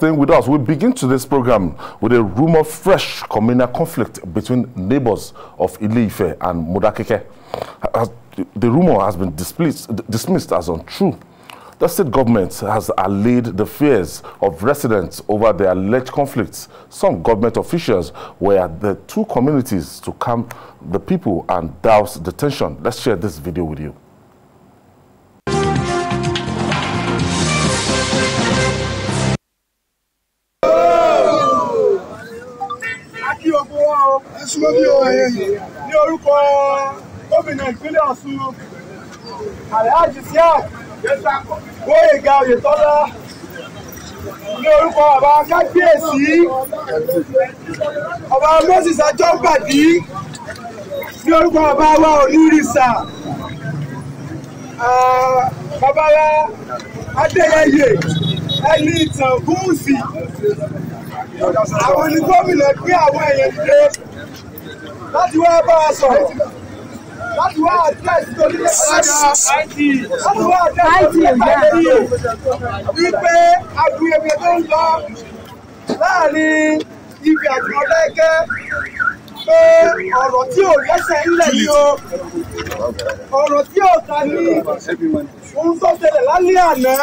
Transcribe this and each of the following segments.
staying with us. We begin today's program with a room of fresh communal conflict between neighbors of Ileife and Mudakeke. The rumor has been dismissed as untrue. The state government has allayed the fears of residents over the alleged conflicts. Some government officials were the two communities to calm the people and douse the tension. Let's share this video with you. ẹ̀sùnmọ́ bí ohun ẹ̀yẹ yìí ní orúkọ gómìnà ìpínlẹ̀ Ọ̀ṣun Alhaji Siak Gbóyèga Oyètọ́lá ní orúkọ ọba kábíyèsí ọba Moses Ajọ́gbàdì ní orúkọ ọba wa onírìṣà babalá Adéyẹyè ẹni ìtàn gúúsì àwọn ni gómìnà gbé àwọn èèyàn dìde láti wá bá a sọ̀rọ̀ láti wá àdírẹ́sì tó nílé padà láti wá àdírẹ́sì tó nílé padà yìí wípé aguyẹ̀mẹ̀ tó ń lọ láàrin ibi àjùmọ̀lẹ́gẹ́ pé ọ̀rọ̀ tí ò lẹ́sẹ̀ ńlẹ̀ yìí o ọ̀rọ̀ tí ò ta ní ohun tó ṣẹlẹ̀ lálẹ́ àná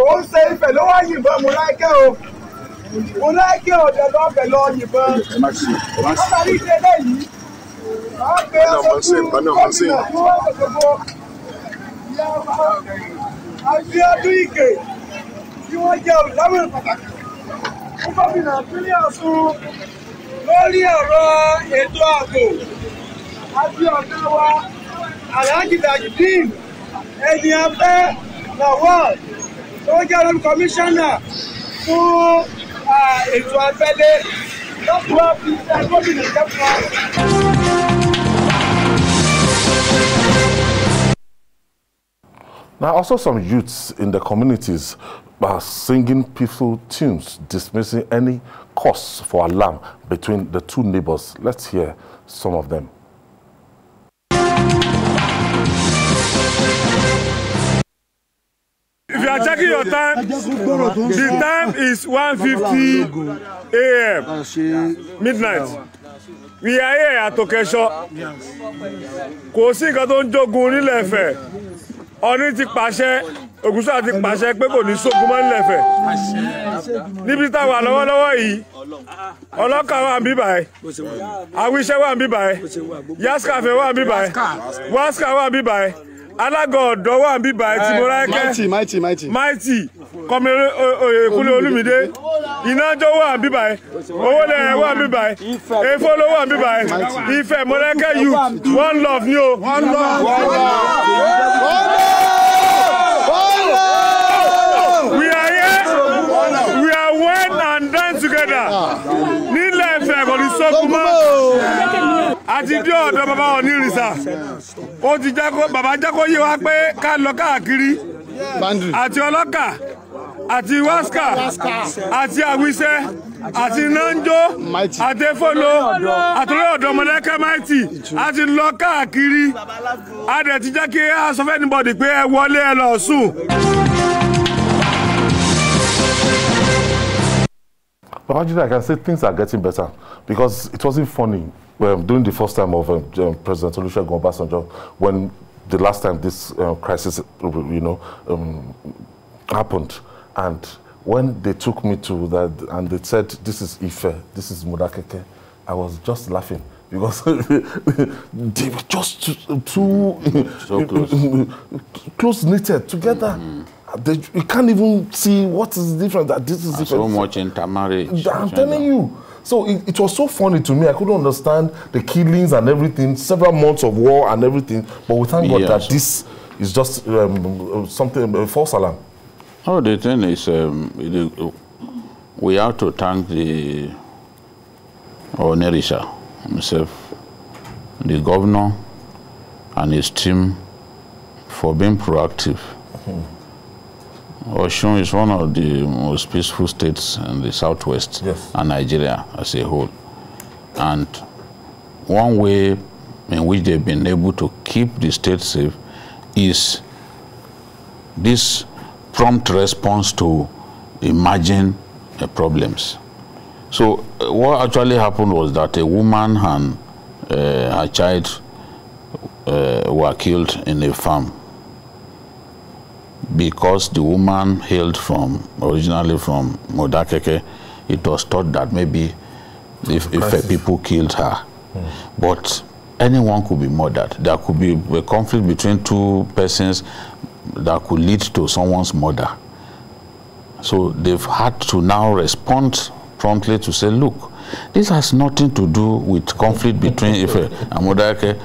òun ṣe Ifẹ̀ ló wá yìnbọn mú láìkẹ́ o onáìkè ọ̀dẹ̀ lọ́fẹ̀ lọ yìnbọn látàrí ìdílé yìí wọ́n gbé ọkọ̀ fún gómìnà tó wọ́n gbogbo Abíọ́dún Ige tí wọ́n jẹ́ olùdámọ̀ràn pàtàkì fún gómìnà ìpínlẹ̀ Ọ̀ṣun lórí ọ̀rọ̀ ètò ààbò àti ọ̀gá wa Alhaji Tajudeen Ẹniọpẹ́ Lawal tó jẹ́ olórí kọmíṣánná fún ètò abẹ́lé lọ́kùnrin ọ́fíìsì gómìnà kẹfà. Now, also some youths in the communities are singing peaceful tunes, dismissing any cause for alarm between the two neighbors. Let's hear some of them. Taking your time the time is 1:50 a.m. midnight we are here at Okesho kò sí nǹkan tó ń jogun nílẹ̀ Ifẹ̀ Ọọ̀ni ti pàṣẹ Ògúnṣọlá ti pàṣẹ pé kò ní sógun mọ́ nílẹ̀ wa níbi táwa lọ́wọ́lọ́wọ́ yìí wa wà níbí báyìí àwíṣẹ́ wà níbí báyìí yascafe wa níbí báyìí wasca wa níbí báyìí alága ọ̀dọ́ wà ń bíbà ẹ̀ tí mo eh, ráyẹ́kẹ́ mighty mighty mighty mighty kọ́mi oyèkúnlé olúmídé ìnájọ́ wà ń bíbà ẹ̀ owólẹ̀ ẹ̀ wà ń bíbà ẹ̀ efó ló wà ń bíbà ẹ̀ ìfẹ́ mọ̀lẹ́kẹ́ youth one love ni o. one love one love. we are here we are one and done together ah. nílẹ̀ Ifẹ̀ kò ní sọ́kùn mọ́ àti dé ọ̀dọ̀ bàbá onírìṣà ó ti jákó bàbá jákó yé wa pé ká lọ káàkiri àti ọlọ́kà àti wáskà àti àwíṣẹ́ àti nanjo àti efolo àtúrò ọ̀dọ́mọlẹ́kẹ́ maiti àti lọ káàkiri a dẹ̀ ti jẹ́ kí a sọ fẹ́ anybody pé ẹ wọlé ẹ lọ sùn. But actually, I can say things are getting better because it wasn't funny well, um, during the first time of um, um, President Olusegun Obasanjo when the last time this uh, crisis, you know, um, happened, and when they took me to that and they said, "This is Ife, this is Mudakeke," I was just laughing because they were just too, too so close, close knitted together. Mm -hmm. They, you can't even see what is the difference that this is and different. So much intermarriage. I'm telling you. So it, it was so funny to me. I couldn't understand the killings and everything, several months of war and everything. But we thank yes. God that this is just um, something, a false alarm. Oh, the thing is, um, we have to thank the Nerisha, himself, the governor and his team for being proactive. Mm -hmm Oshun is one of the most peaceful states in the southwest yes. and Nigeria as a whole. And one way in which they've been able to keep the state safe is this prompt response to emerging uh, problems. So uh, what actually happened was that a woman and uh, her child uh, were killed in a farm because the woman hailed from originally from Modakeke, it was thought that maybe if, if people killed her. Mm. But anyone could be murdered. There could be a conflict between two persons that could lead to someone's murder. So they've had to now respond promptly to say, look, this has nothing to do with conflict between Ife and Modakeke,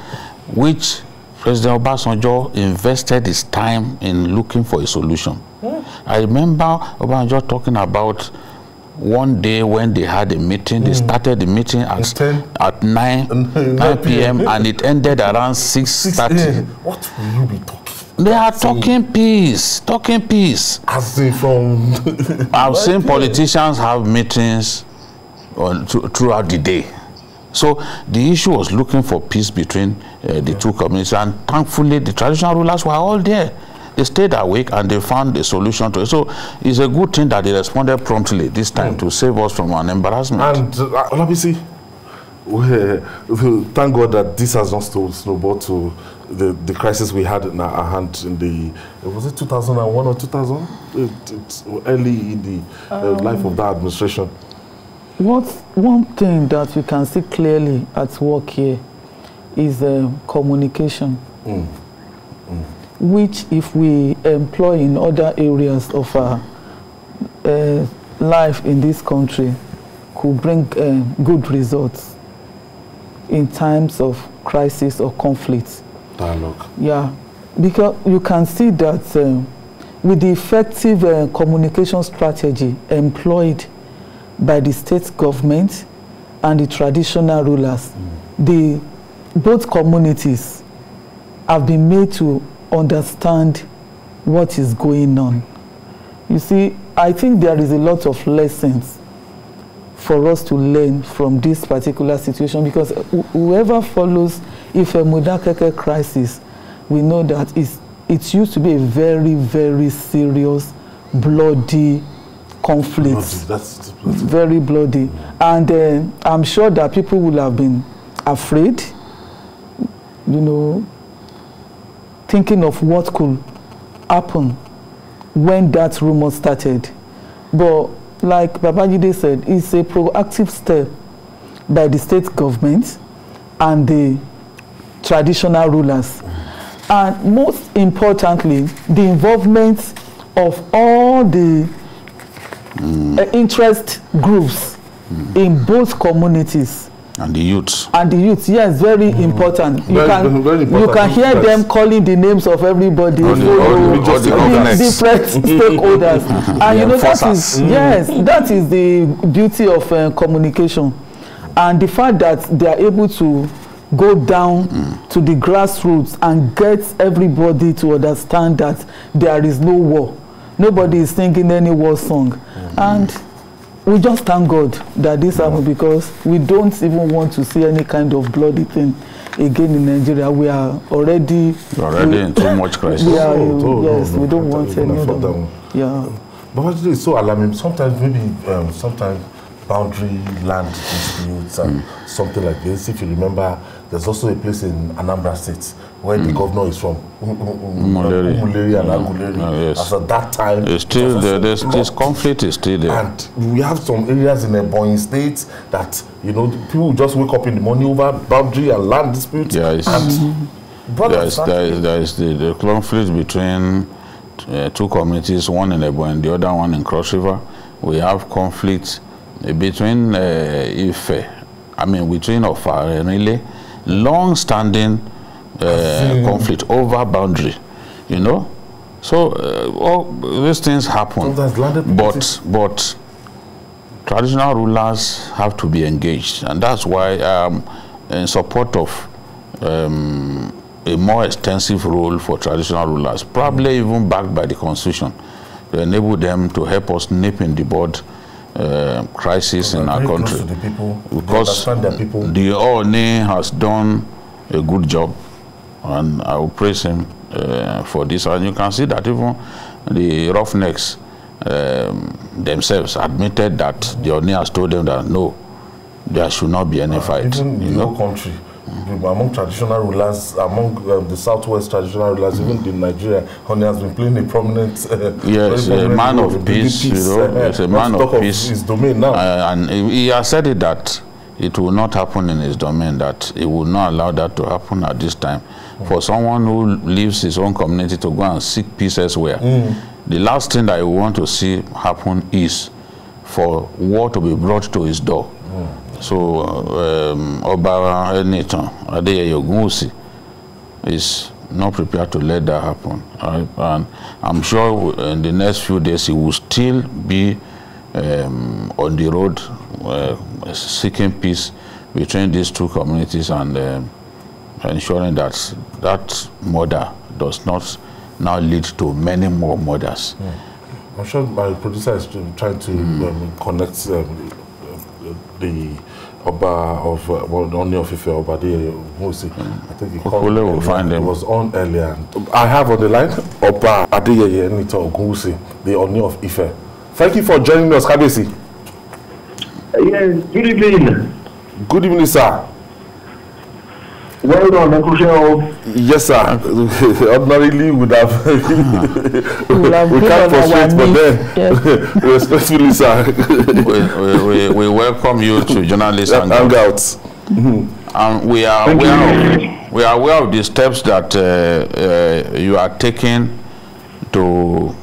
which President Obasanjo invested his time in looking for a solution. Yeah. Hmm. I remember Obasanjo talking about one day when they had a meeting, mm. they hmm. started the meeting at, Ten. at 9, 9, p.m. and it ended around 6.30. 6 what will you be talking? They are talking peace, talking peace. As they from... I've seen politicians have meetings on, throughout the day. So the issue was looking for peace between uh, the yeah. two communities, and thankfully the traditional rulers were all there. They stayed awake and they found a solution to it. So it's a good thing that they responded promptly this time mm. to save us from an embarrassment. And uh, see. we, thank God that this has not snowballed to the, the crisis we had in our hand in the, was it 2001 or 2000? It, early in the uh, um. life of that administration. What's one thing that you can see clearly at work here is uh, communication, mm. Mm. which if we employ in other areas of our uh, life in this country could bring uh, good results in times of crisis or conflict. Dialogue. Yeah, because you can see that um, with the effective uh, communication strategy employed by the state government and the traditional rulers. Mm. The, both communities have been made to understand what is going on. You see, I think there is a lot of lessons for us to learn from this particular situation because wh whoever follows if a Mudakeke crisis, we know that it's, it used to be a very, very serious, bloody conflicts. Bloody. That's, that's very bloody. And uh, I'm sure that people would have been afraid, you know, thinking of what could happen when that rumor started. But like Babajide said, it's a proactive step by the state government and the traditional rulers. And most importantly, the involvement of all the uh, interest groups in both communities. And the youth. And the youth, yes, very mm. important. You very, can very important. you can hear yes. them calling the names of everybody, all the, all the, all the, the different stakeholders, and you know that is mm. yes, that is the beauty of uh, communication, and the fact that they are able to go down mm. to the grassroots and get everybody to understand that there is no war, nobody is singing any war song. And we just thank God that this happened yeah. because we don't even want to see any kind of bloody thing again in Nigeria. We are already You're already we, in too much crisis. We are, oh, oh, yes, no, we don't want any of them. Yeah. But what is so alarming? Sometimes maybe um, sometimes boundary land disputes and mm. something like this. If you remember there's also a place in Anambra State where mm. the hmm. governor is from, Umuleri, um, um, um, Umuleri and hmm. Aguleri. Mm. Oh, yes. As at that time, it's still there. There's, this conflict is still there. And we have some areas in Ebonyi State that you know people just wake up in the morning over boundary and land disputes. Yeah, it's, and there is, there is, there is the, the conflict between uh, two communities, one in Ebonyi, the other one in Cross River. We have conflict between uh, Ife, I mean between Ofa and Ile. long-standing uh, conflict over boundary, you know. So uh, all these things happen, so but but traditional rulers have to be engaged, and that's why I'm in support of um, a more extensive role for traditional rulers, probably mm. even backed by the constitution, to enable them to help us nip in the bud uh, crisis in our country. Because the ONE has done a good job, and I will praise him uh, for this. And you can see that even the roughnecks um, themselves admitted that the ONE has told them that no, there should not be any uh, fight. Even you know? country Mm, among traditional rulers, among um, the southwest traditional rulers, mm. even in Nigeria, Honey has been playing a prominent. Uh, yes, a man of, peace. you know, a man of peace. his domain now, uh, and he has said it that it will not happen in his domain. That he will not allow that to happen at this time. Mm. For someone who leaves his own community to go and seek peace elsewhere, mm. the last thing that he want to see happen is for war to be brought to his door so um, ọba ẹnìtàn adéyẹyẹ ògúnwùsì is not prepared to let that happen right? and i'm sure in the next few days he will still be um, on the road uh, seeking peace between these two communities and um, ensuring that that murder does not now lead to many more murders. Mm. I'm sure my producer is trying to mm. um, connect um, the Oba of uh, well, only of Ife Oba de Musi. I think he called. We'll find him. Was on earlier. I have on the line Oba Adeyeye Nito Ogunwusi, the only of Ife. Thank you for joining us, Kabesi. Yes. Good evening. Good evening, sir. Well done, Uncle Yes, sir. Ordinarily, would have uh -huh. we, we can't frustrate, but then yes. respectfully, sir, we, we, we, welcome you to journalists and hangouts. Mm-hmm. And we are aware of, we are aware of the steps that uh, uh, you are taking to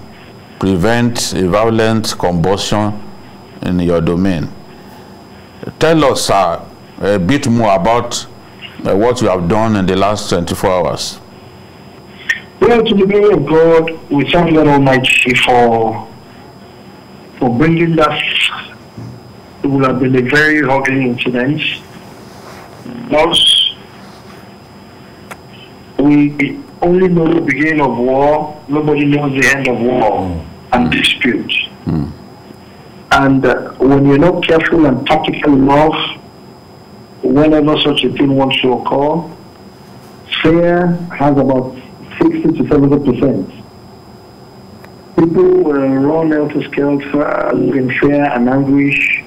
prevent a violent combustion in your domain. Tell us, sir, a bit more about uh, what you have done in the last 24 hours? Well, to the glory of God, we thank God Almighty for for bringing us. It would have been a very ugly incident. Thus, we only know the beginning of war. Nobody knows the end of war mm. and dispute. Mm. And uh, when you're not careful and tactical enough, whenever such a thing wants to occur, fear has about 60 to 70 percent. People will run out of in fear and anguish.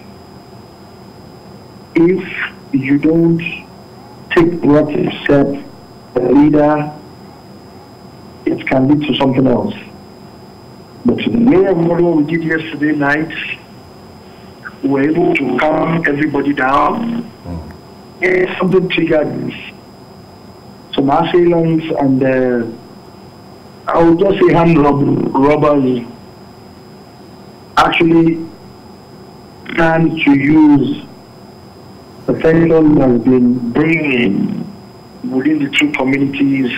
If you don't take what is said, the leader, it can lead to something else. But the mayor model we did yesterday night, we were able to calm everybody down something triggered me. Some assailants and uh, I would just say hand rob- robbers actually plan to use the tension that's been bringing within the two communities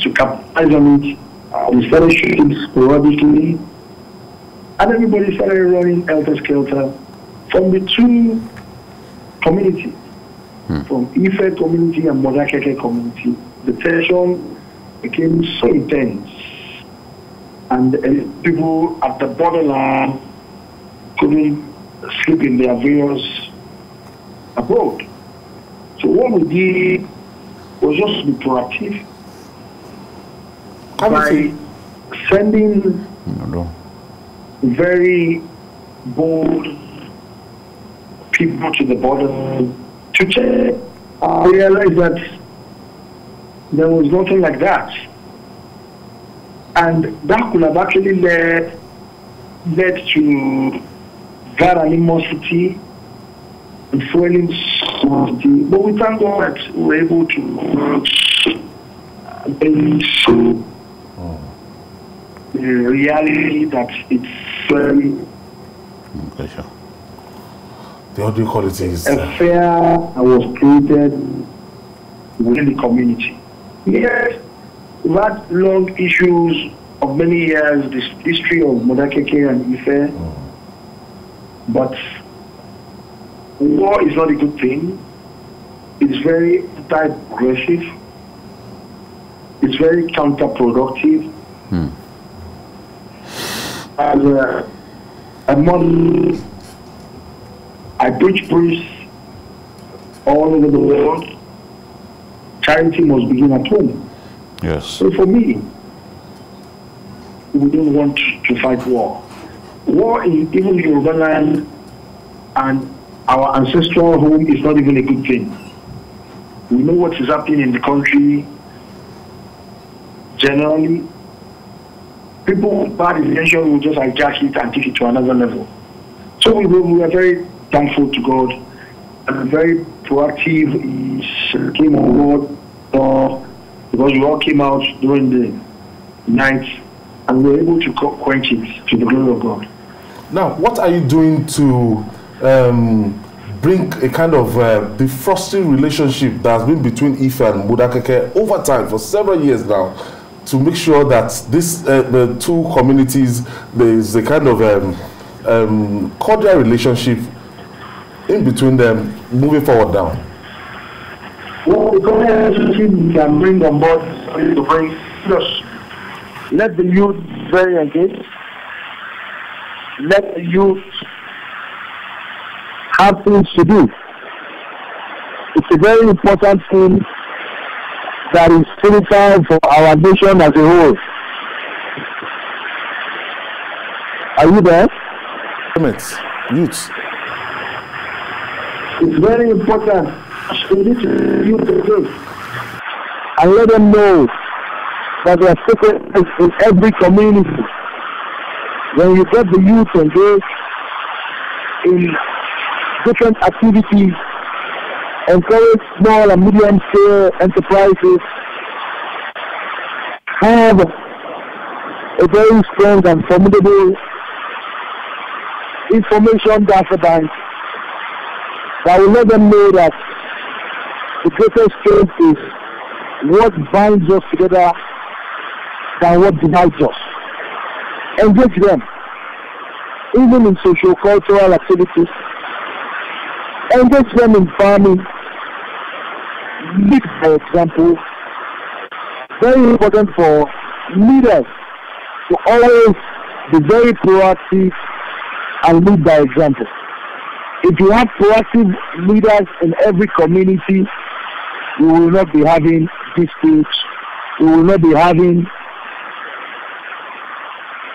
to capitalize on it. We uh, started shooting sporadically, and everybody started running helter skelter from the two communities. Hmm. from Ife community and Modakeke community. The tension became so intense, and uh, people at the borderline couldn't sleep in their various abroad. So what we did was just be proactive Come by sending no. very bold people to the border to check, I realized that there was nothing like that. And that could have actually led, led to that animosity and fueling somebody. But we thank God that we we're able to bring the reality that it's very. Um, the how do a uh, fair was created within the community. Yes, that long issues of many years, the history of Modakeke and Ife, mm. but war is not a good thing. It's very divisive. It's very counterproductive. Mm. As uh, a, a modern I preach priests all over the world. Charity must begin at home. Yes. So for me, we don't want to fight war. War in even Urban land and our ancestral home is not even a good thing. We know what is happening in the country. Generally, people with bad intention will just hijack it and take it to another level. So we, we are very thankful to God. I'm very proactive He uh, came on board uh, because we all came out during the night and we were able to quench it to the glory of God. Now, what are you doing to um, bring a kind of uh, defrosting relationship that's been between Ife and Mudakeke over time for several years now to make sure that this, uh, the two communities, there is a kind of um, um, cordial relationship in between them moving forward down? Well, the community team can bring on board to bring just let the youth very engaged. Let the youth have things to do. It's a very important thing that is critical for our nation as a whole. Are you there? Comments, youths. It's very important to reach this review today and let them know that they are sacred in every community. When you get the youth engaged in different activities, encourage small and medium scale enterprises, have a very strong and formidable information database but we let them know that the greatest strength is what binds us together than what divides us. Engage them, even in social cultural activities. Engage them in farming. Lead by example. Very important for leaders to always be very proactive and lead by example. If you have proactive leaders in every community, we will not be having disputes. We will not be having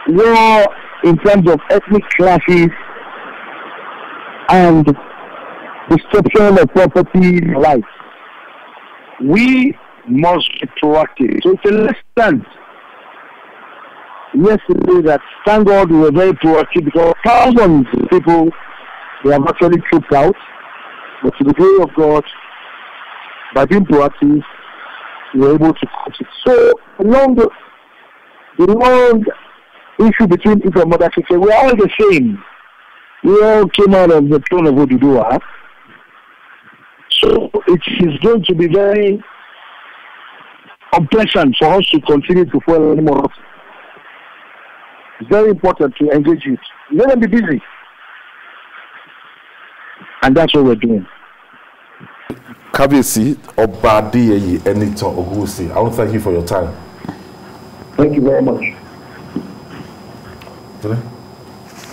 war in terms of ethnic clashes and destruction of property rights. We must be proactive. So it's a lesson. Yesterday, that thank God we were very proactive because thousands of people they have actually tripped out. But to the glory of God, by being proactive, we were able to catch it. So along the, the long issue between Ife and Mother we are all the same. We all came out of the throne of Odudua. So it is going to be very unpleasant for us to continue to follow anymore. It's very important to engage it. Let them be busy. And that's what we're doing. Kabiyesi Ọba Adéyẹyè Ẹnitàn I want to thank you for your time. Thank you very much.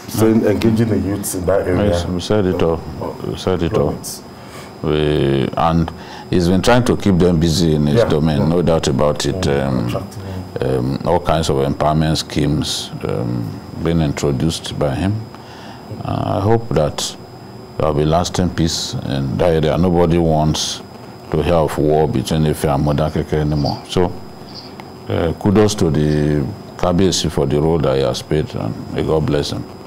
So in engaging the youths in that area. Yes, we said it all. We said it all. We, and he's been trying to keep them busy in his yeah, domain, yeah. no doubt about it. Mm, um, um, all kinds of empowerment schemes um, being introduced by him. Uh, I hope that there will be lasting peace in that area. Nobody wants to have war between Ife and Modakeke anymore. So, uh, kudos to the Kabiyesi for the role that he has played, and may God bless him.